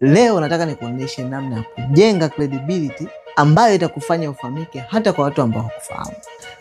Leo nataka nikuonyeshe namna ya kujenga credibility ambayo itakufanya ufahamike hata kwa watu ambao hawakufahamu.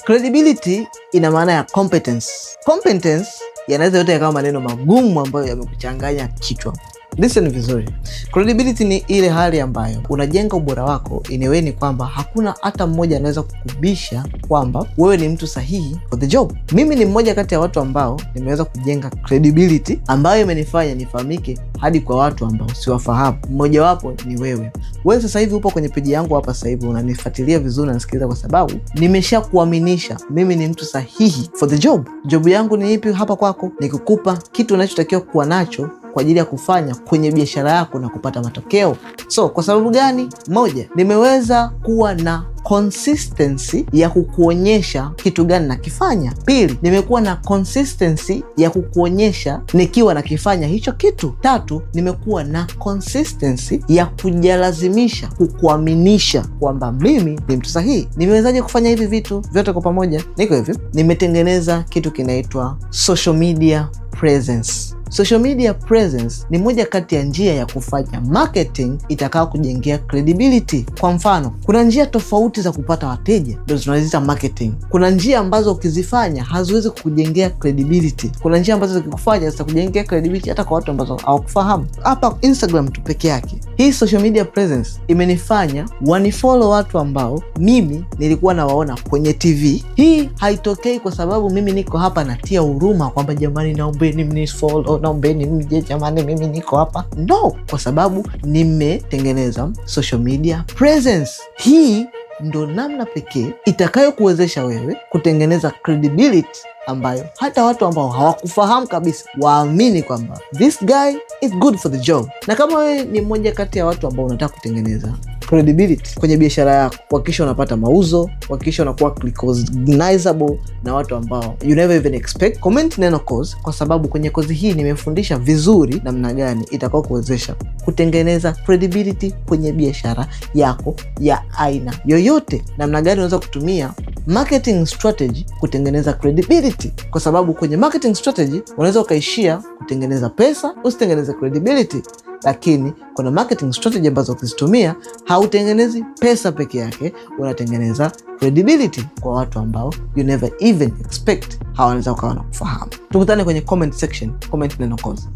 Credibility ina maana ya competence. Competence yanaweza yote yakawa maneno magumu ambayo yamekuchanganya kichwa. Listen vizuri, credibility ni ile hali ambayo unajenga ubora wako ineweni kwamba hakuna hata mmoja anaweza kukubisha kwamba wewe ni mtu sahihi for the job. Mimi ni mmoja kati ya watu ambao nimeweza kujenga credibility ambayo imenifanya nifahamike hadi kwa watu ambao siwafahamu. Mmojawapo ni wewe. Wewe sasa hivi upo kwenye peji yangu hapa, sasa hivi unanifuatilia vizuri, unanisikiliza kwa sababu nimesha kuaminisha mimi ni mtu sahihi for the job. Job yangu ni ipi hapa kwako? Nikukupa kitu unachotakiwa kuwa nacho kwa ajili ya kufanya kwenye biashara yako na kupata matokeo. So kwa sababu gani? Moja, nimeweza kuwa na consistency ya kukuonyesha kitu gani nakifanya. Pili, nimekuwa na consistency ya kukuonyesha nikiwa nakifanya hicho kitu. Tatu, nimekuwa na consistency ya kujalazimisha, kukuaminisha kwamba mimi ni mtu sahihi. Nimewezaje kufanya hivi vitu vyote kwa pamoja? Niko hivyo nimetengeneza kitu kinaitwa social media presence. Social media presence ni moja kati ya njia ya kufanya marketing itakao kujengea credibility. Kwa mfano, kuna njia tofauti za kupata wateja, ndio tunaziita marketing. Kuna njia ambazo ukizifanya haziwezi kukujengea credibility. Kuna njia ambazo zikikufanya zitakujengea credibility hata kwa watu ambao hawakufahamu. Hapa Instagram tu peke yake, hii social media presence imenifanya wanifollow watu ambao mimi nilikuwa nawaona kwenye TV. Hii haitokei kwa sababu mimi niko hapa natia huruma kwamba jamani, naombeni mnifollow naombeni mje jamani, mimi niko hapa. No, kwa sababu nimetengeneza social media presence. Hii ndo namna pekee itakayokuwezesha wewe kutengeneza credibility ambayo hata watu ambao hawakufahamu kabisa waamini kwamba this guy is good for the job. Na kama wewe ni mmoja kati ya watu ambao unataka kutengeneza credibility kwenye biashara yako, kuhakikisha unapata mauzo, kuhakikisha unakuwa recognizable na watu ambao you never even expect. Comment neno course, kwa sababu kwenye kozi hii nimefundisha vizuri namna gani itakao kuwezesha kutengeneza credibility kwenye biashara yako ya aina yoyote, namna gani unaweza kutumia marketing strategy kutengeneza credibility, kwa sababu kwenye marketing strategy unaweza ukaishia kutengeneza pesa, usitengeneze credibility lakini kuna marketing strategy ambazo ukizitumia hautengenezi pesa peke yake, unatengeneza credibility kwa watu ambao you never even expect hawanaweza ukawa na kufahamu. Tukutane kwenye comment section, comment neno kozi.